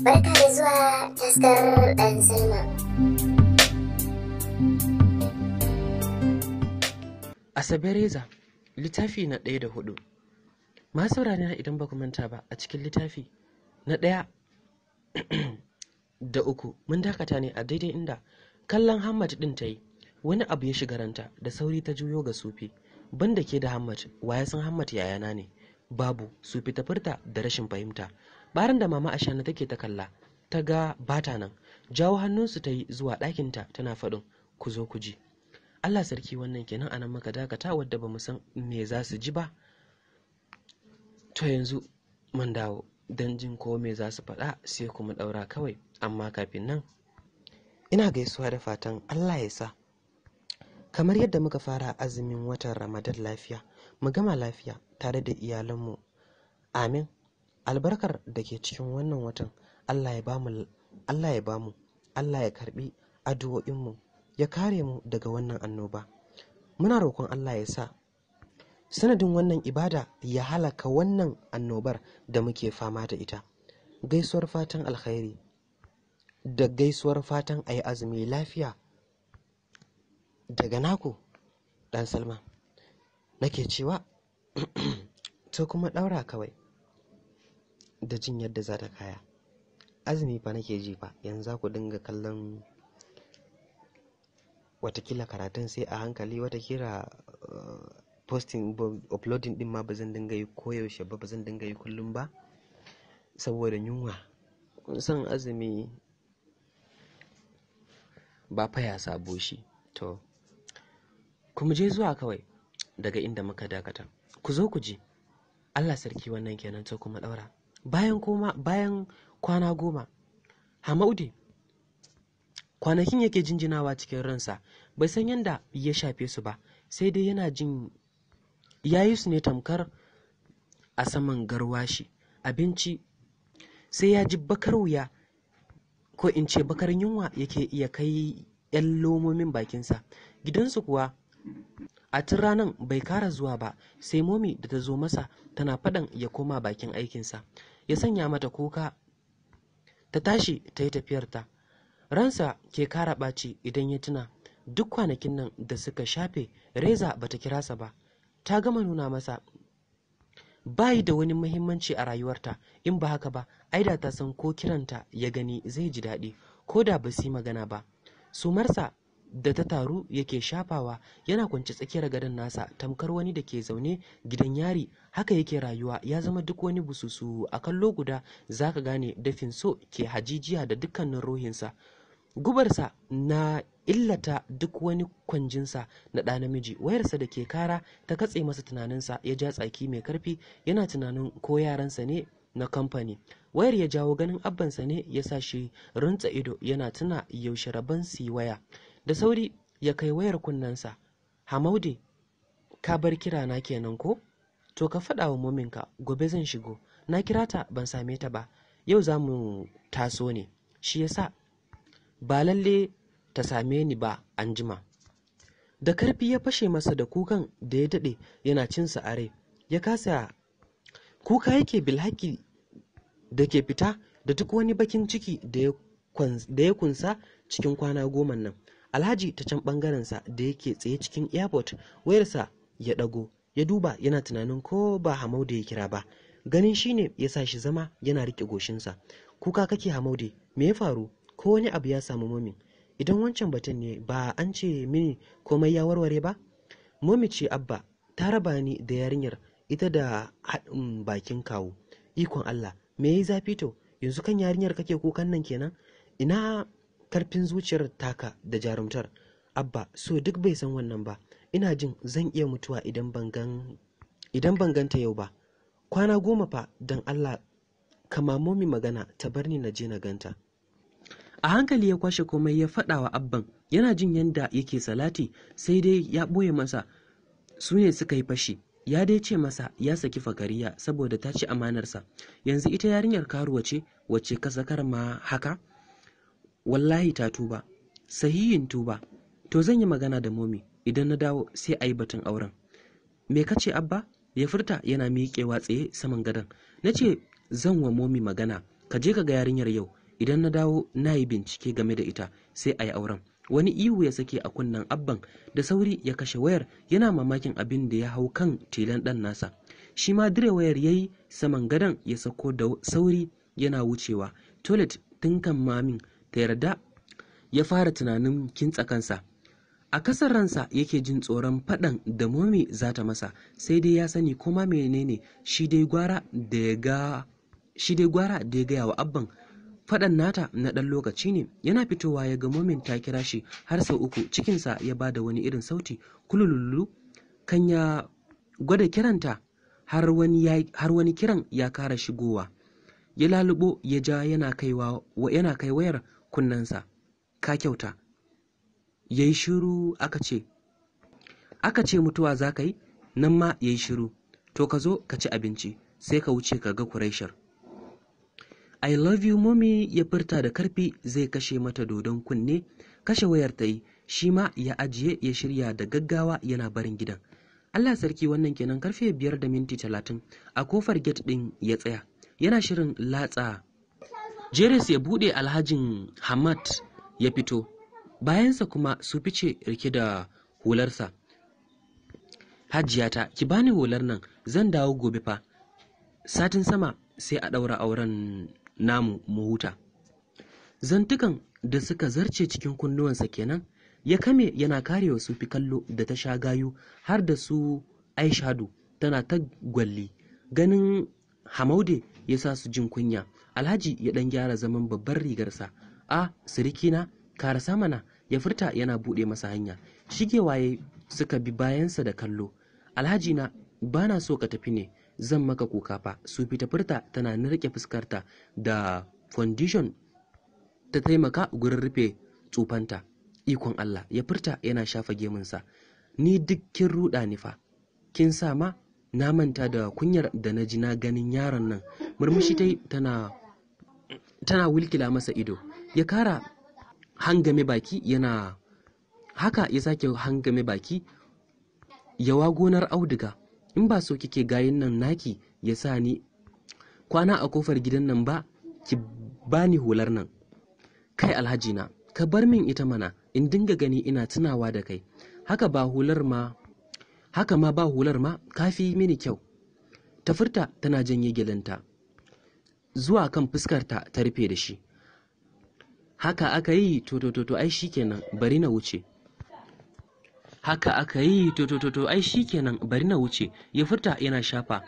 Barka da zuwa Salma. Reza, littafi na ɗaya da hudu. masu na idan ba manta ba a cikin littafi na ɗaya da uku mun dakata ne a daidai inda kallon Hamad ɗin ta yi wani abu ya shiga ranta da sauri ta juyo ga sufi banda ke da Hamad waya san Hamad yayana ne babu Sufi ta furta da rashin fahimta baran da mama a shana take ta kalla ta ga bata nan jawo hannunsu ta yi zuwa ɗakinta tana faɗin ku zo ku ji allah sarki wannan kenan anan muka dakata wadda ba san me za su ji ba to yanzu man dawo don jin ko me za su faɗa sai kuma ɗaura kawai amma kafin nan ina gaisuwa da fatan allah ya sa kamar yadda muka fara azumin watan ramadan lafiya mu gama lafiya tare da iyalanmu amin albarkar da ke cikin wannan watan Allah ya bamu Allah ya karɓi karbi addu'o'inmu ya kare mu daga wannan annoba muna roƙon Allah ya sa sanadin wannan ibada ya halaka wannan annobar da muke fama da ita gaisuwar fatan alkhairi da gaisuwar fatan a yi azumi lafiya daga naku dan salma nake cewa to kuma ɗaura kawai da jin yadda za ta kaya azumi fa nake ji fa yanzu za ku dinga kallon watakila karatun sai a hankali watakila eh, posting uploading din ma ba zan dinga yi koyaushe ba ba zan dinga yi kullum ba saboda yunwa san azumi ba fa ya sabo shi to kuma je zuwa kawai daga inda muka dakata ku zo ku ji Allah sarki wannan kenan to kuma ɗaura bayan koma bayan kwana goma hamaude kwanakin yake jinjinawa cikin ransa bai san yadda ya shafe su ba sai dai yana jin ya yi su ne tamkar a saman garwashi abinci sai ya ji bakar wuya ko in ce bakar yunwa yake iya kai 'yan lomomin bakinsa gidansu kuwa a tun ranar bai kara zuwa ba sai momi da ta zo masa tana faɗan ya koma bakin aikinsa ya sanya mata kuka ta tashi ta yi tafiyarta ransa ke kara ɓaci idan ya tuna duk kwanakin nan da suka shafe reza bata kirasa ba ta gama nuna masa bayi da wani muhimmanci a rayuwarta in ba haka ba aida ta san ko kiranta ya gani zai ji daɗi ko da ba su yi magana ba sumarsa da ta taru yake shafawa yana kwance tsakiyar gadon nasa tamkar wani da ke zaune gidan yari haka yake rayuwa ya zama duk wani bususu a kallo guda zaka gane dafin so ke hajijiya da dukkanin ruhinsa gubarsa na illata duk wani kwanjinsa na ɗa namiji wayarsa da ke kara ta katse masa tunaninsa ya ja tsaki mai karfi yana tunanin ko yaransa ne na kamfani wayar ya jawo ganin abbansa ne ya sa shi runtsa ido yana tuna yaushe rabon siwaya waya da sauri ya kai wayar kunnensa hamaude ka bar kira na kenan ko to ka faɗa wa mominka gobe zan shigo na kira ta ban same ta ba yau za mu taso ne shi ya sa. ba lalle ta same ni ba anjima. da karfi ya fashe masa da kukan da ya daɗe yana cin a ya kasa kuka yake bilhaki da ke fita da duk wani bakin ciki da ya kunsa cikin kwana goma nan alhaji ta can sa da yake tsaye cikin airport wayarsa ya dago ya duba yana tunanin ko ba da ya kira ba ganin shine ya sa shi zama yana rike goshinsa kuka kake hamaude me ya faru ko wani abu ya samu momin idan wancan batun ne ba an ce mini komai ya warware ba momi ce abba ta raba ni da yarinyar ita da haɗin bakin kawo ikon allah me yi zafi to yanzu kan yarinyar kake kukan nan kenan ina karfin zuciyar taka da jarumtar abba so duk bai san wannan ba ina jin zan iya mutuwa idan ban ganta yau ba kwana goma fa don allah ka kamamomi magana ta bar ni na je na ganta a hankali ya kwashe komai ya faɗa wa abban yana jin yadda yake salati sai dai ya ɓoye masa su ne suka yi fashi ya dai ce masa ya saki fakariya saboda ta ci amanarsa yanzu ita yarinyar karuwa ce wacce ka sakar ma haka wallahi ta tuba sahihin tuba to zan yi magana da momi idan na dawo sai a yi batun auren me ka ce abba ya furta yana miƙewa tsaye saman gadon na ce zan wa momi magana ka je ka ga yarinyar yau idan na dawo na yi bincike game da ita sai a yi auren wani ihu ya sake a kunnen abban da sauri ya kashe wayar yana mamakin abin da ya hau kan tilan ɗan nasa shi ma dire wayar ya yi saman gadon ya sako da sauri yana wucewa toilet tun kan mamin ta yarda ya fara tunanin kintsa kansa a kasar ransa yake jin tsoron faɗan da momi za ta masa sai dai ya sani koma menene shi dai gwara da ya gaya wa abban faɗan nata na ɗan lokaci ne yana fitowa ya ga momin ta kira shi har sau uku cikinsa ya ba da wani irin sauti kululu kan ya gwada kiranta har wani kiran ya kara shigowa ya lalubo ya ja yana kai wayar kunnensa ka kyauta ya yi shiru aka ce aka ce mutuwa za ka yi nan ma ya yi shiru to ka zo ka ci abinci sai ka wuce ka ga kuraishar I love you mommy ya furta da karfi zai kashe mata dodon kunne kashe wayar ta yi shi ma ya ajiye ya shirya da gaggawa yana barin gidan Allah sarki wannan kenan karfe biyar da minti talatin a kofar gate din ya tsaya yana shirin latsa jeres ya bude alhajin hamad ya fito bayansa kuma su fice rike da hularsa hajiyata ki bani hular nan zan dawo gobe fa satin sama sai a ɗaura auren namu mu huta zantukan da suka zarce cikin kunnuwansa kenan ya kame yana karewa sufi kallo da ta sha gayu har da su aishadu tana ta gwalli ganin hamaude ya sa su jin kunya alhaji ya ɗan gyara zaman babbar rigarsa a sirikina karasa mana ya furta yana buɗe masa hanya shigewaye suka bi bayansa da kallo alhaji na bana so ka tafi ne zan maka kuka fa su fita furta tana narke fuskarta da foundation ta taimaka gurin rufe tsufanta ikon Allah ya furta yana shafa gemunsa ni duk kin ruɗa ni fa kin sa ma na manta da kunyar da na ji na ganin yaron nan murmushi ta tana tana wilkila masa ido ya kara hangame baki yana haka ya sake hangame baki yawa gonar auduga in ba so kike gayin nan naki ya sa ni kwana a kofar gidan nan ba ki bani hular nan kai alhaji na ka bar min ita mana in dinga gani ina tunawa da kai haka ba hular ma haka ma ba hular ma kafi mini kyau ta tana janye gelanta zuwa kan fuskarta ta rufe da shi haka aka yi to ai shikenan bari na wuce haka aka yi to ai shikenan bari na wuce ya furta yana shafa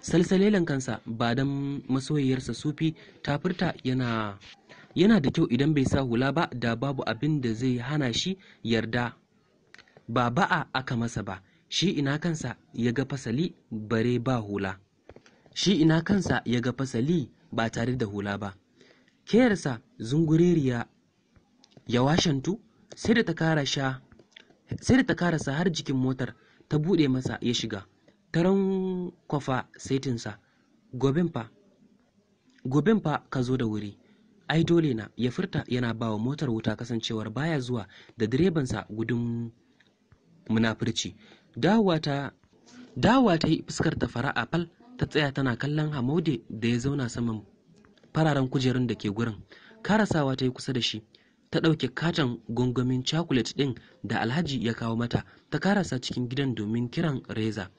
salsalelan kansa ba dan masoyiyarsa sufi ta furta yana yana da kyau idan bai sa hula ba da babu abin da zai hana shi yarda ba ba'a aka masa ba shi ina kansa ya ga fasali bare ba hula shi ina kansa ya ga fasali ba tare da hula ba keyarsa zunguririya ya washantu sai da ta kara sa karasa har jikin motar ta buɗe masa ya shiga ta kwafa saitinsa gobin fa ka zo da wuri ai dole na ya furta yana ba wa motar wuta kasancewar baya zuwa da direbansa gudun munafurci dawowa ta yi fuskar ta fara'a fal ta tsaya tana kallon hamode da ya zauna saman fararen kujerun da ke gurin karasawa ta yi kusa da shi ta ɗauke katon gungumin cakulet ɗin da alhaji ya kawo mata ta karasa cikin gidan domin kiran reza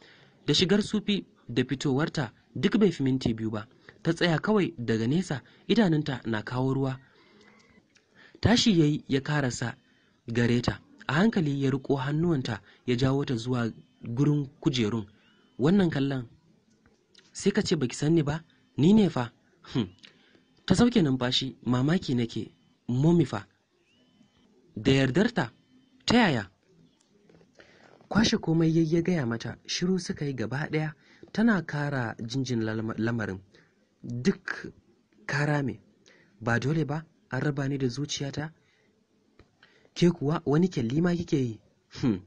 da shigar sufi da fitowarta duk bai fi minti biyu ba ta tsaya kawai daga nesa idanunta na kawo ruwa tashi yayi ya karasa gare ta a hankali ya riko hannuwanta ya jawo ta zuwa gurin kujerun wannan kallon sai ka ce baki san ni ba ni ne fa hmm. ta sauke numfashi mamaki nake momi fa da yardarta ta yaya kwashe komai ya gaya mata shiru suka yi gaba ɗaya tana kara jinjin lamarin duk kara me ba dole ba an raba ni da zuciyata ke kuwa wani kyalli ma kike yi hmm.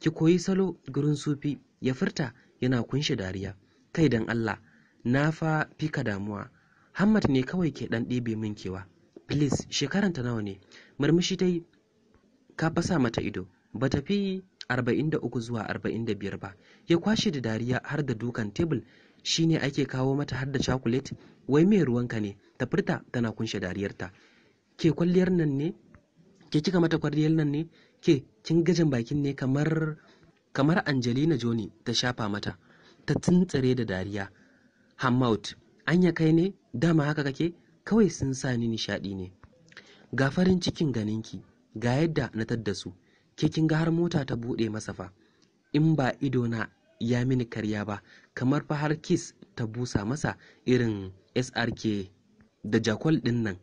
ki koyi salo gurin sufi ya furta yana kunshi dariya kai dan Allah na fa fika damuwa Hamad ne kawai ke ɗan ɗebe min kewa please shekaranta nawa ne murmushi ta yi ka fasa mata ido ba ta fi arba'in da uku zuwa arba'in da biyar ba ya kwashe da dariya har da dukan tebul shine ake kawo mata har da cakulet wai mai ruwanka ne ta furta tana kunshe dariyarta ke kwalliyar nan ne ke kika mata kwalliyar nan ne ke kin gajin bakin ne kamar kamar Angelina Jolie ta shafa mata ta tuntsare da dariya An ya kai ne dama haka kake kawai sun sa ni nishaɗi ne ga farin cikin ganinki ga yadda na tadda su ke kin ga har mota ta buɗe masa fa in ba ido na ya mini karya ba kamar fa har kis ta busa masa irin srk da jakwal ɗin nan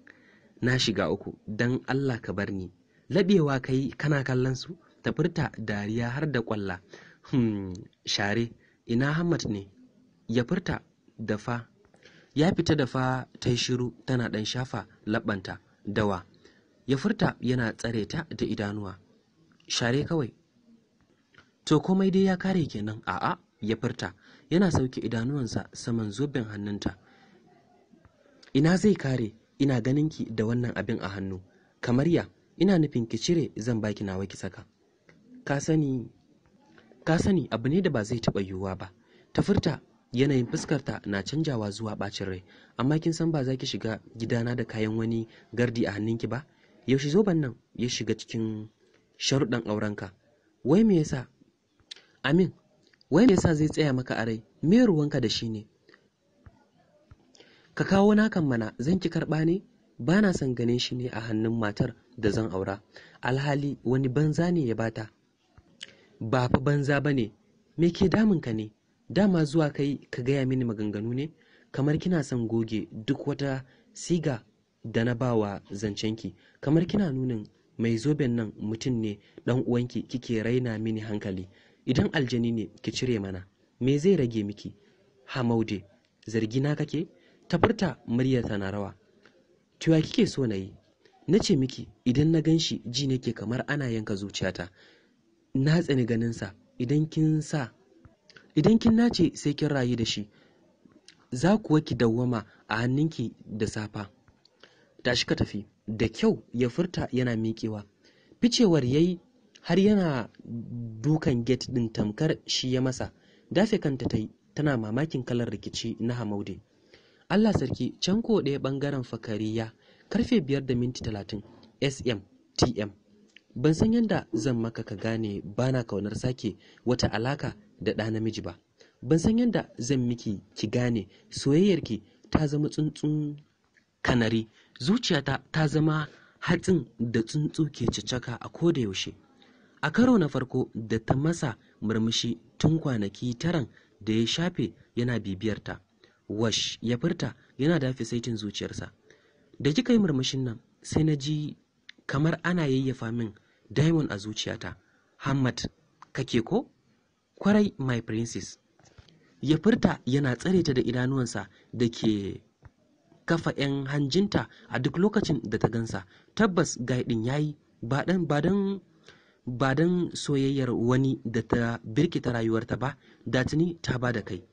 na shiga uku don allah ka bar ni laɓewa kai kana kallon su ta furta dariya har da ƙwalla hmm, share ina Hamad ne ya furta da ya fita da fa ta shiru tana ɗan shafa labbanta dawa ya furta yana tsare ta da idanuwa share kawai to komai dai ya kare kenan a'a ya furta yana sauke idanuwansa saman zubin hannunta ina zai kare ina ganin ki da wannan abin a hannu kamar ya ina nufin ki cire zan baki nawa ki saka ka sani ka sani abu ne da ba zai taɓa yiwuwa ba ta furta yanayin fuskarta na canjawa zuwa ɓacin rai amma kin san ba za ki shiga gidana da kayan wani gardi a hannunki ba yaushe zoben nan ya shiga cikin sharuɗan aurenka wai me yasa amin wai me yasa zai tsaya maka a rai me ruwanka da shi ne ka kawo nakan mana zan ki karɓa ne ba na son ganin shi ne a hannun matar da zan aura alhali wani banza ne ya bata ba fa banza ba ne me ke damun ka ne dama zuwa kai ka gaya mini maganganu ne kamar kina son goge duk wata siga da na ba bawa zancenki kamar kina nunin mai zoben nan mutum ne dan uwanki kike raina mini hankali idan aljani ne ki cire mana me zai rage miki hamaude zargi na kake Tafurta muryar tana rawa tuya kike so na yi na ce miki idan na gan shi ji ke kamar ana yanka zuciyata na tsani ganinsa idan kin sa idan kin nace sai kin rayu da shi za kuwa ki dawwama a hannunki da safa tashi ka tafi da kyau ya furta yana miƙewa ficewar yayi har yana dukan gate din tamkar shi ya masa dafe kanta ta tana mamakin kalar rikici na hamaude allah sarki can ko ɗaya ɓangaren fakariya karfe biyar da minti talatin sm tm ban san yadda zan maka ka gane bana kaunar sake wata alaka da ɗa namiji ba ban san yadda zan miki ki gane soyayyarki ta zama tsuntsun kanari zuciyata ta zama hatsin da tsuntsu ke cicaka a koda yaushe a karo na farko da ta masa murmushi tun kwanaki taran da ya shafe yana bibiyarta wash ya furta yana dafi saitin zuciyarsa da kika yi murmushin nan sai na ji kamar ana yayyafa min diamond a zuciyata hamad kake ko kwarai my princess ya furta yana tsare ta da idanuwansa da ke kafa 'yan hanjinta a duk lokacin da ta gansa tabbas gaidin yayi ya yi. ba dan soyayyar wani da ta birkita rayuwarta ba da tuni ta ba da kai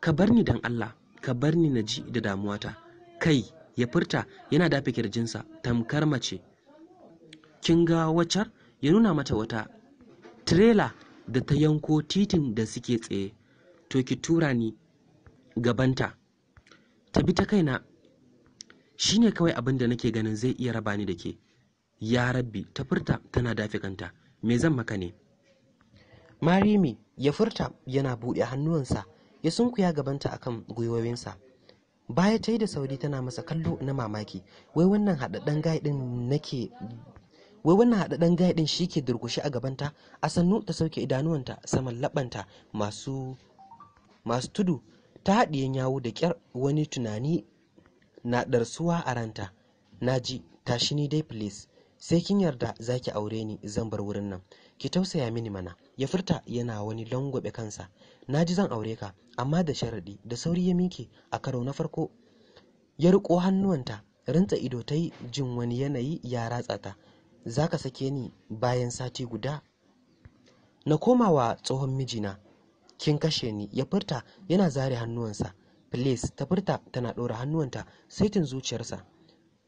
ka bar ni don Allah ka bar ni na ji da damuwata kai ya furta yana dafe kirjinsa tamkar mace kin ga waccar ya nuna mata wata tirela da ta yanko titin da suke tsaye to ki tura ni gabanta ta bi ta kaina shine kawai abin da nake ganin zai iya raba ni da ke ya rabbi ta furta tana dafe kanta me zan maka ne marimi ya furta yana buɗe hannuwansa ya sunkuya gabanta akan gwiwowinsa baya ta yi da sauri tana masa kallo na mamaki wai wannan haɗaɗɗen gai ɗin nake wai wannan haɗaɗɗen gaya shi ke durkushe a gabanta a sannu ta sauke idanuwanta saman labanta masu tudu ta haɗiye yawo da ƙyar wani tunani na ɗarsuwa a ranta Na ji, tashi ni dai please sai kin yarda za ki aure ni zan bar wurin nan ki tausaya mini mana ya furta yana wani langwabe kansa na ji zan aure ka amma da sharaɗi da sauri ya mike a karo na farko ya riƙo hannuwanta rintsa ido ta yi jin wani yanayi ya ratsa ta za ka sake ni bayan sati guda na komawa tsohon mijina kin kashe ni ya furta yana zare hannuwansa please ta furta tana ɗora hannuwanta saitin zuciyarsa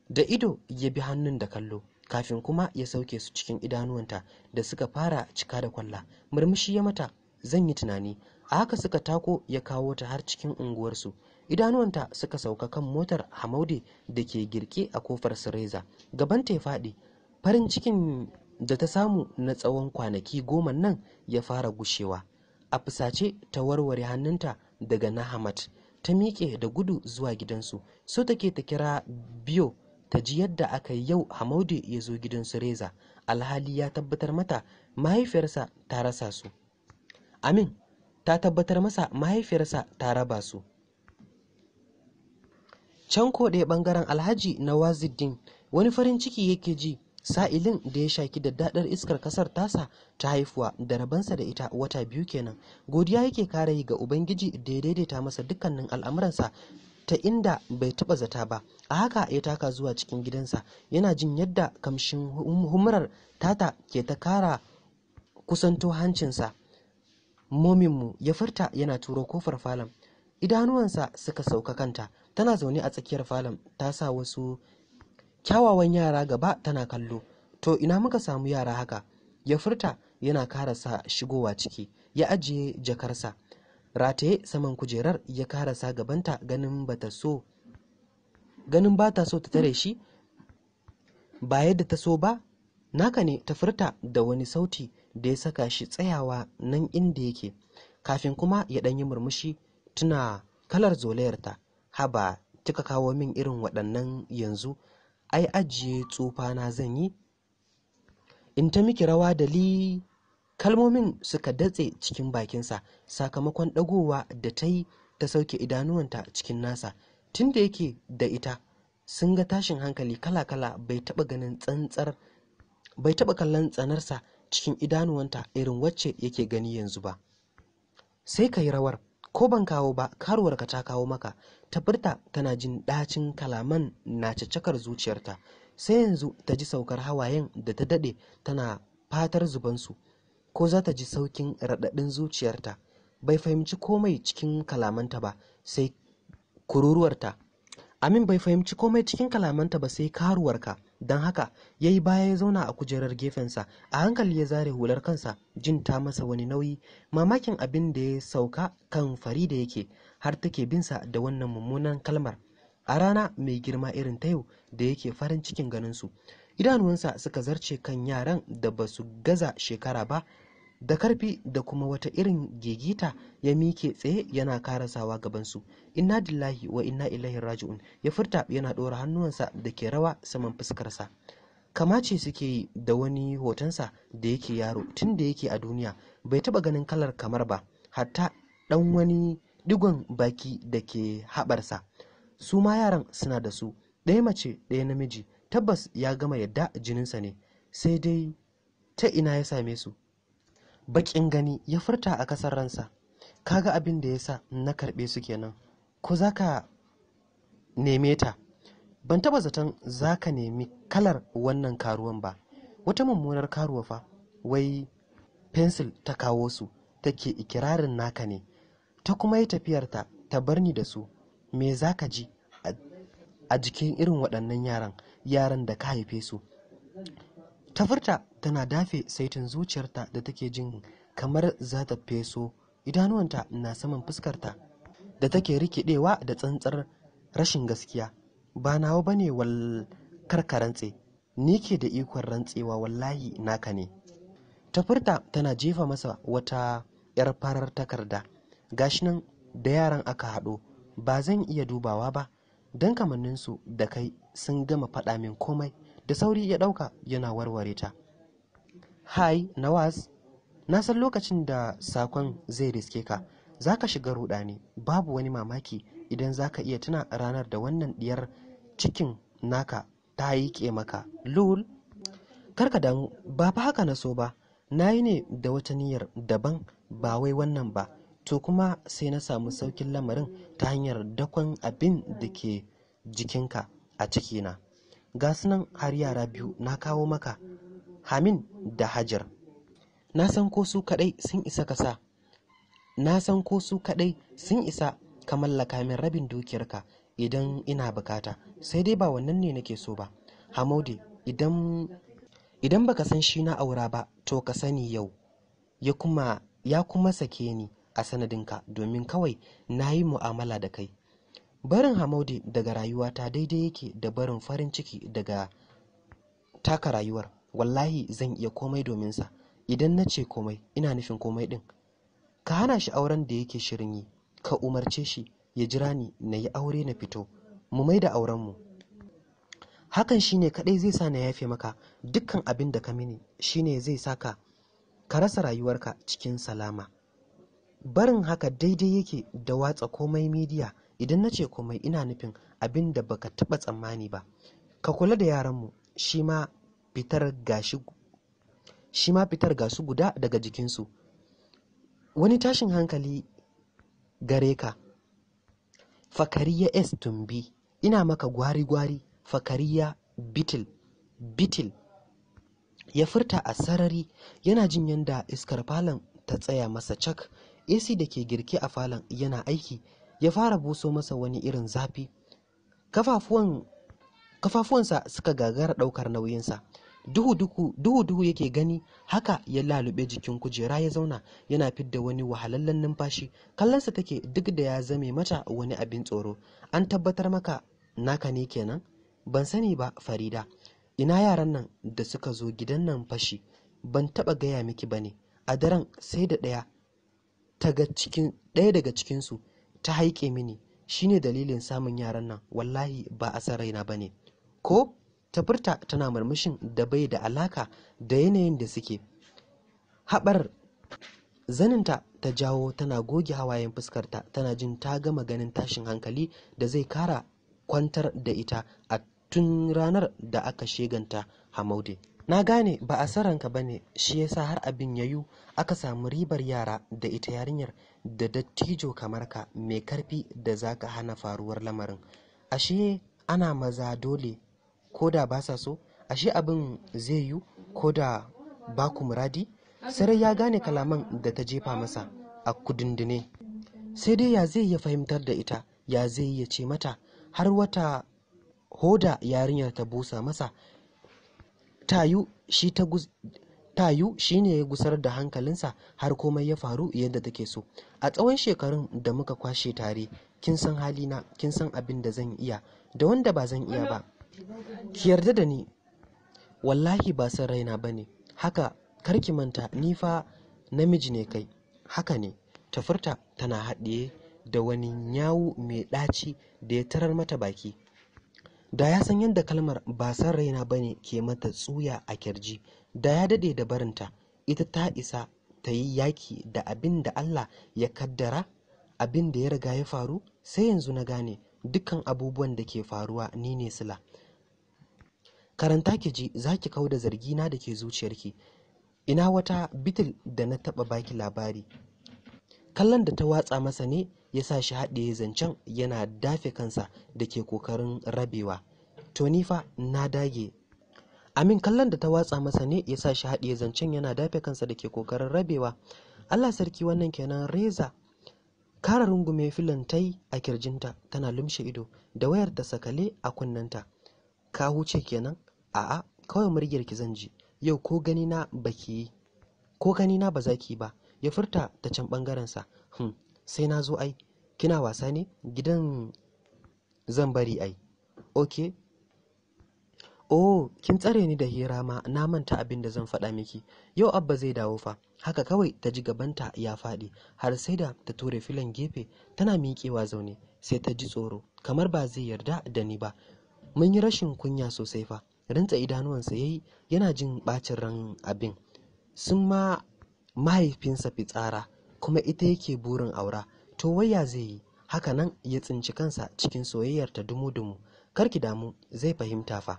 da ido ya bi hannun da kallo kafin kuma ya sauke su cikin idanuwanta da suka fara cika da kwalla murmushi ya mata zan yi tunani a haka suka tako ya kawo ta har cikin unguwarsu idanuwanta suka sauka kan motar hamaude da ke girke a kofar sireza ta ya faɗi farin cikin da ta samu na tsawon kwanaki goma nan ya fara gushewa a fusace ta warware hannunta daga nahamat ta miƙe da gudu zuwa gidansu so take ta kira biyo ta ji yadda aka yi yau hamaude ya zo gidansu reza alhali ya tabbatar mata mahaifiyarsa ta rasa su amin ta tabbatar masa mahaifiyarsa ta raba su can ko ɗaya ɓangaren alhaji na wazidin wani farin ciki yake ji sa'ilin da ya shaki da dadar iskar kasar tasa ta haifuwa da rabansa da ita wata biyu kenan godiya yake kare ga ubangiji da ya daidaita masa dukkanin al'amuransa ta inda bai taba zata ba a haka ya taka zuwa cikin gidansa yana jin yadda kamshin humurar tata ke ta kara kusanto hancinsa mominmu ya furta yana turo kofar falon idanuwansa suka sauka kanta tana zaune a tsakiyar falon ta sa wasu kyawawan yara gaba tana kallo to ina muka samu yara haka ya furta yana karasa shigowa ciki ya ajiye jakarsa rataye saman kujerar ya karasa gabanta ganin bata so ganin bata so ta tare shi ba yadda ta so ba naka ne ta furta da wani sauti da ya saka shi tsayawa nan inda yake kafin kuma ya ɗan yi murmushi tuna kalar zolayarta haba kika kawo min irin waɗannan yanzu ai ajiye tsufana zan yi in ta miki rawa da li kalmomin suka datse cikin bakinsa sakamakon ɗagowa da ta yi ta sauke idanuwanta cikin nasa tun da yake da ita sun ga tashin hankali kala-kala bai taɓa ganin tsantsar bai taɓa kallon tsanarsa cikin idanuwanta irin wacce yake gani yanzu ba sai ka yi rawar ko ban kawo ba karuwar ka ta kawo maka ta tana jin ɗacin kalaman na caccakar zuciyarta sai yanzu ta ji saukar hawayen da ta dade tana fatar zubansu ko za ta ji saukin raɗaɗin zuciyarta bai fahimci komai cikin kalamanta ba sai kururuwarta Amin bai fahimci komai cikin kalamanta ba sai karuwar ka don haka ya yi baya ya zauna a kujerar gefensa, a hankali ya zare hular kansa jin ta masa wani nauyi, mamakin abin da ya sauka kan Farida yake har take binsa da wannan mummunan kalmar. A rana mai girma irin ta yau da yake farin cikin ganin su idanuwansa suka zarce kan yaran da ba su gaza shekara ba da karfi da kuma wata irin gigita ya mike tsaye yana karasawa gabansu inna dillahi wa inna ilaihi raji'un ya furta yana ɗora hannuwansa da ke rawa saman fuskarsa kama ce suke yi da wani hotonsa da yake yaro tun da yake a duniya bai taɓa ganin kalar kamar ba hatta ɗan wani digon baki da ke haɓarsa su ma yaran suna da su ɗaya mace ɗaya namiji tabbas ya gama yadda jininsa ne sai dai ta ina ya same su baƙin gani ya furta a ƙasar ransa kaga abin da ya sa na karɓe su kenan ko za ka neme ta ban taba zaton za ka nemi kalar wannan karuwan ba wata mummunar karuwa fa wai fensil ta kawo su take ikirarin naka ne ta kuma yi tafiyarta ta bar ni da su me za ka ji a jikin irin waɗannan yaran yaran da ka haife su ta furta tana dafe saitin zuciyarta da take jin kamar za ta feso idanuwanta na saman fuskarta da take rikidewa da tsantsar rashin gaskiya ba nawa ne wal karka rantse ni ke da ikon rantsewa wallahi naka ne ta tana jefa masa wata yar farar takarda gashi nan da yaran aka haɗo ba zan iya dubawa ba don kamanninsu da kai sun gama faɗa min komai da sauri ya ɗauka yana warware ta Hi, Nawaz. Na san lokacin da sakon zai riske ka, za ka shiga rudani, babu wani mamaki idan za ka iya tuna ranar da wannan diyar cikin naka ta yi ke maka. Lul, karka damu, ba fa haka na so ba, na yi ne da wata niyyar daban ba wai wannan ba, to kuma sai na samu saukin lamarin ta hanyar dakon abin da ke jikinka a cikina. Ga sunan har yara biyu na kawo maka. Hamin da Hajar. Na san ko su kaɗai sun isa kasa, na san ko su kaɗai sun isa ka mallaka min rabin dukiyarka idan ina bukata, sai dai ba wannan ne nake so ba. Hamaude, idan idan baka san shi na aura ba, to ka sani yau, ya kuma sake ni a sanadinka domin kawai na yi mu'amala da kai. Barin Hamaude daga rayuwata daidai yake da barin farin ciki daga taka rayuwar. wallahi zan iya komai domin sa idan na ce komai ina nufin komai din ka hana shi auren da yake shirin yi ka umarce shi ya jira ni na yi aure na fito mu mai da auren mu hakan shine kadai zai sa na yafe maka dukkan abin da ka mini shine zai sa ka rasa rayuwarka cikin salama barin haka daidai yake da watsa komai midiya idan na ce komai ina nufin abin da baka taba tsammani ba ka kula da yaranmu shi ma shi ma fitar gasu guda daga jikinsu wani tashin hankali gare ka fakariya s tumbi ina maka gwari-gwari fakariya bitil bitil ya furta a sarari yana jin yadda iskar falon ta tsaya masa cak ac da ke girke a falon yana aiki ya fara buso masa wani irin zafi kafafuwansa suka gagara ɗaukar nauyinsa duhu duhu duhu yake gani haka ya lalube jikin kujera ya zauna yana fidda wani wahalallen numfashi kallonsa take duk da ya zame mata wani abin tsoro an tabbatar maka naka ne kenan ban sani ba farida ina yaran nan da suka zo gidan nan fashi ban taba gaya miki bane a daren sai da ɗaya ɗaya daga cikinsu ta haike mini shine dalilin samun yaran nan wallahi ba a raina bane ko ta tana murmushin da bai da alaka da yanayin da suke haɓar zaninta ta jawo tana goge hawayen fuskarta tana jin ta gama ganin tashin hankali da zai kara kwantar da ita a tun ranar da aka sheganta hamaude na gane ba a saranka ba ne shi yasa har abin yayu aka samu ribar yara da ita yarinyar da dattijo kamar ka mai karfi da za ka hana faruwar lamarin ashe ana maza dole ko da ba sa so ashe abin zai yi ko da ba ku muradi sarai ya gane kalaman da ta jefa masa a kudindine sai dai ya zai ya fahimtar da ita ya zai ya ce mata har wata hoda yarinyar ta busa masa tayu shi ta tayu shi ne ya gusar da hankalinsa har komai ya faru yadda take so a tsawon shekarun da muka kwashe tare kin san halina kin san abin da zan iya da wanda ba zan iya ba Ki yarda da ni, wallahi ba san raina ba ne, haka kar ki manta ni fa namiji ne kai, haka ne, Tafurta tana haɗiye da wani yawu mai ɗaci da ya tarar mata baki. Da ya san yadda kalmar ba san raina ba ne ke mata tsuya a kirji, da ya daɗe da barinta, ita ta isa ta yi yaki da abin da Allah ya kaddara, abin da ya riga ya faru, sai yanzu na gane dukkan abubuwan da ke faruwa ni ne sila. karanta ki ji za ki kau da zargina da ke zuciyarki ina wata bitil da na taɓa baki labari kallon da ta watsa masa ne ya sa shi haɗe zancen yana dafe kansa da ke ƙoƙarin rabewa to ni na dage amin kallon da ta watsa masa ne ya sa shi haɗe zancen yana dafe kansa da ke ƙoƙarin rabewa allah sarki wannan kenan reza kara rungume tai a kirjinta tana lumshe ido da wayar ta sakale a kunnanta ka huce kenan A'a, kawai muryar ki zan ji. Yau ko gani na ba ki yi. Ko gani na ba za ki yi ba. Ya furta ta can ɓangarensa. hmm. sai na zo ai. Kina wasa ne? Gidan zan bari ai. Ok. Oh, kin tsare ni da hira ma na manta abin da zan faɗa miki. Yau Abba zai dawo fa. Haka kawai ta ji gabanta ya faɗi har sai da ta ture filan gefe tana miƙewa zaune sai ta ji tsoro kamar ba zai yarda da ni ba. Mun yi rashin kunya sosai fa. rintsa idanuwansa yayi yana jin bacin ran abin sun ma mahaifinsa fitsara kuma ita yake burin aura to waya zai yi haka nan ya tsinci kansa cikin soyayyar ta dumu-dumu kar ki damu zai fahimta fa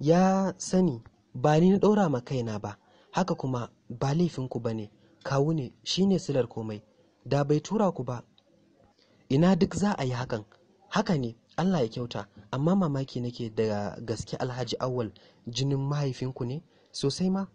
ya sani ba ni na ɗora ma kaina ba haka kuma ba laifinku ba ne kawu ne Shi ne silar komai da bai tura ku ba ina duk za a yi hakan haka ne Allah ya kyauta amma mamaki nake da gaske alhaji awal jinin mahaifinku ne sosai ma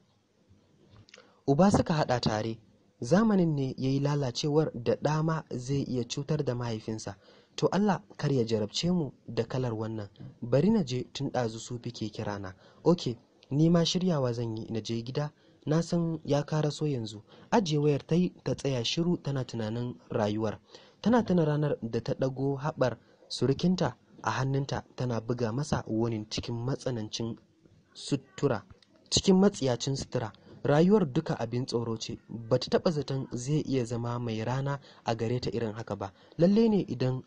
uba suka haɗa tare zamanin ne ya yi lalacewar da dama zai iya cutar da mahaifinsa to Allah kar ya jarabce mu da kalar wannan bari na je tun ɗazu su ke kirana ok ni ma shiryawa zan yi na je gida na san ya karaso yanzu ajiye wayar ta yi ta tsaya shiru tana tunanin rayuwar tana tuna ranar da ta ɗago haɓar surukinta a hannunta tana buga masa wani cikin matsanancin sutura cikin matsiyacin sutura rayuwar duka abin tsoro ce ba ta taba zaton zai iya zama mai rana a gare ta irin haka ba lalle ne idan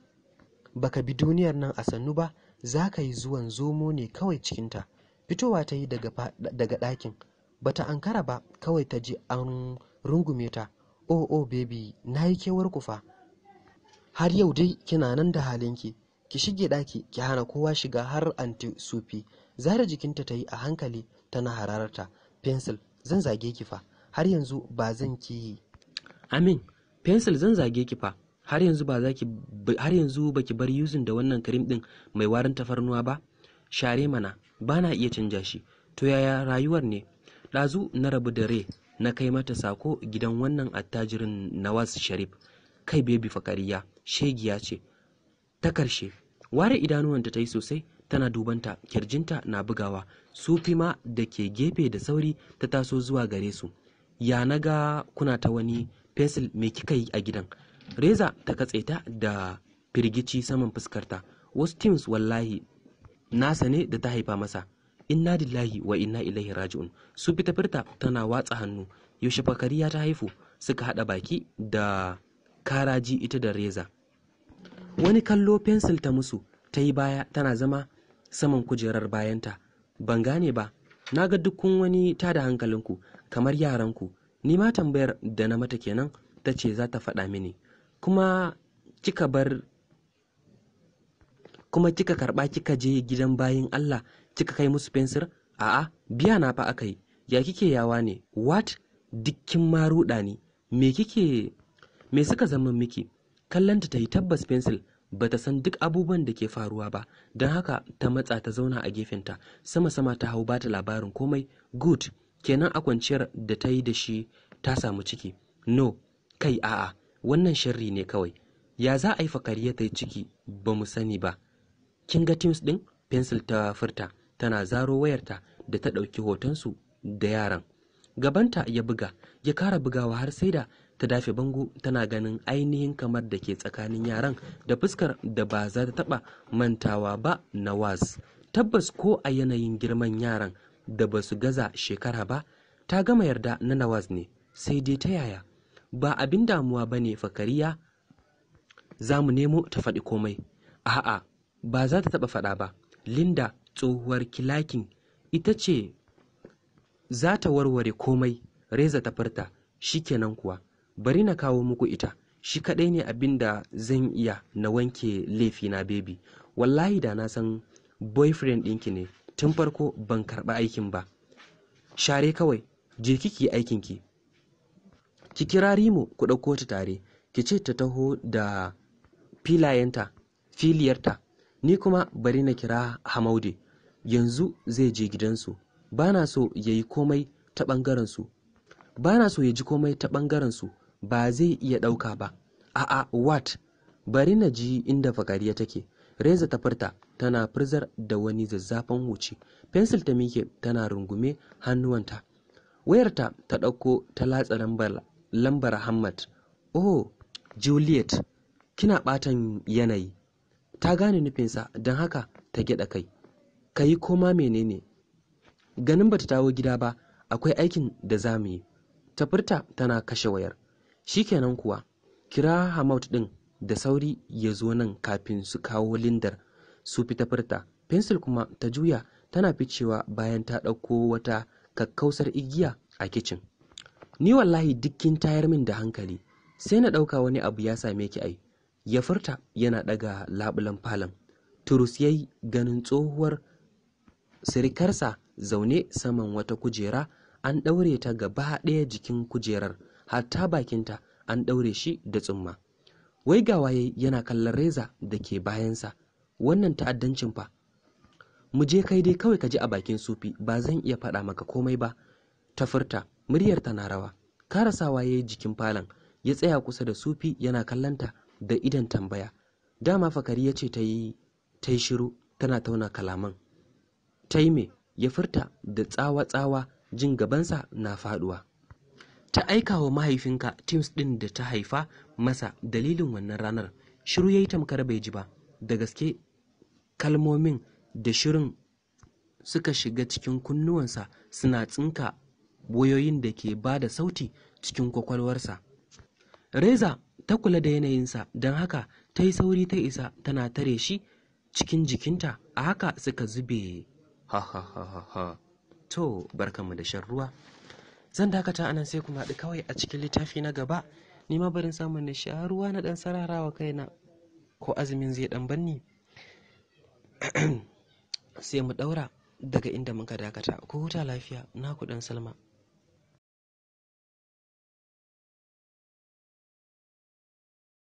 baka bi duniyar nan a sannu ba za ka yi zuwan zomo ne kawai cikinta fitowa ta yi daga ɗakin ba ta ankara ba kawai ta ji an rungume ta oh oh baby na yi kewar kufa har yau dai kina nan da halinki ki shige ɗaki ki hana kowa shiga har anti sufi zara jikinta ta yi a hankali tana hararta pencil zan zage ki fa har yanzu ba zan ki amin pencil zan zage ki fa har yanzu ba za ki har yanzu baki bar using da wannan cream din mai warin tafarnuwa ba share mana ba na iya canja shi to yaya rayuwar ne ɗazu na rabu da re na kai mata sako gidan wannan attajirin nawaz sharif kai bebi fakariya shegiya ce ta karshe ware idanuwanta ta yi sosai tana dubanta kirjinta na bugawa sufi ma da ke gefe da sauri ta taso zuwa gare su ya na ga kuna ta wani fesil mai kika yi a gidan reza ta katse ta da firgici saman fuskarta wasu teams wallahi nasa ne da ta haifa masa inna lillahi wa inna ilaihi raji'un su fita firta tana watsa hannu yaushe fakari ya ta haifu suka hada baki da karaji ita da reza wani kallo fensil ta musu ta yi baya tana zama saman kujerar bayanta ban gane ba na ga dukkan wani ta da hankalinku kamar yaranku ni ma tambayar da na mata kenan ta ce za ta faɗa mini kuma kika bar kuma kika karɓa kika je gidan bayin Allah kika kai musu fensir a'a biya na fa aka yi ya kike yawa ne what dukkin maruɗa ne me kike me suka zama miki kallonta ta yi tabbas fensil ba ta san duk abubuwan da ke faruwa ba don haka ta matsa ta zauna a gefenta sama sama ta hau bata labarin komai good kenan a kwanciyar da ta yi da shi ta samu ciki no kai a'a wannan sharri ne kawai ya za a yi fakariya ta yi ciki ba mu sani ba kin ga teams din pencil ta furta tana zaro wayarta da ta ɗauki hotonsu da yaran gabanta ya buga ya kara bugawa har sai da ta dafe bango tana ganin ainihin kamar da ke tsakanin yaran da fuskar da ba za ta taba mantawa ba na was tabbas ko a yanayin girman yaran da ba su gaza shekara ba ta gama yarda na nawaz ne sai dai ta yaya ba abin damuwa ba ne fakariya za mu nemo ta faɗi komai a'a ba za ta taɓa faɗa ba linda tsohuwar kilakin ita ce za ta warware komai reza ta shi kenan kuwa bari na kawo muku ita shi kaɗai ne abin da zan iya na wanke laifi na baby wallahi da na san boyfriend ɗinki ne tun farko ban karɓi aikin ba share kawai je kiki aikinki ki kira rimo ku ɗauko ta tare ki ce ta taho da filayenta filiyarta ni kuma bari na kira hamaude yanzu zai je gidansu Bana so ya yi komai ta ɓangarensu su so ya ji komai ta ɓangarensu ba zai iya ɗauka ba a'a wat. bari na ji inda fakariya take reza ta furta tana furzar da wani zazzafan wuce. fensil ta mike tana rungume hannuwanta wayarta ta ɗauko ta latsa lambar, lambar hamad oh juliet kina ɓatan yanayi ta gane nufinsa don haka ta gyaɗa kai ka yi koma menene ganin bata tawo gida ba akwai aikin da za mu yi ta tana kashe wayar Shi kenan kuwa, kira Hamoud ɗin da sauri ya zo nan kafin su kawo lindar su fita furta. Fensil kuma ta juya tana ficewa bayan ta ɗauko wata kakkausar igiya a kicin. Ni wallahi dukkin tayar min da hankali, sai na ɗauka wani abu ya same ki ai. Ya furta yana ɗaga labulan falon. Turus ya yi ganin tsohuwar sirikarsa zaune saman wata kujera an ɗaure ta gaba ɗaya jikin kujerar hatta bakinta an ɗaure shi da tsumma wai ga waye yana kallon reza da ke bayansa wannan ta'addancin fa mu je kai dai kawai ka ji a bakin sufi ba zan iya faɗa maka komai ba ta furta muryar tana rawa Karasa waye jikin falon ya tsaya kusa da sufi yana kallanta da idan tambaya dama fakari ya ce ta yi ta yi shiru tana tauna kalaman ta yi me ya furta da tsawa-tsawa jin gabansa na faɗuwa ta aika wa mahaifinka Teams ɗin da ta haifa masa dalilin wannan ranar. Shiru ya yi tamkar bai ji ba, da gaske kalmomin da shirin suka shiga cikin kunnuwansa suna tsinka wayoyin da ke ba da sauti cikin kwakwalwarsa. Reza ta kula da yanayinsa don haka ta yi sauri ta isa tana tare shi cikin jikinta a haka suka zube. Ha ha ha ha ha. To, barkanmu da shan ruwa. zan dakata anan sai kuma haɗu kawai a cikin littafi na gaba ni ma barin samun na sha ruwa na ɗan sararawa kaina ko azumin zai ɗan banni sai mu ɗaura daga inda muka dakata ku huta lafiya na ku salma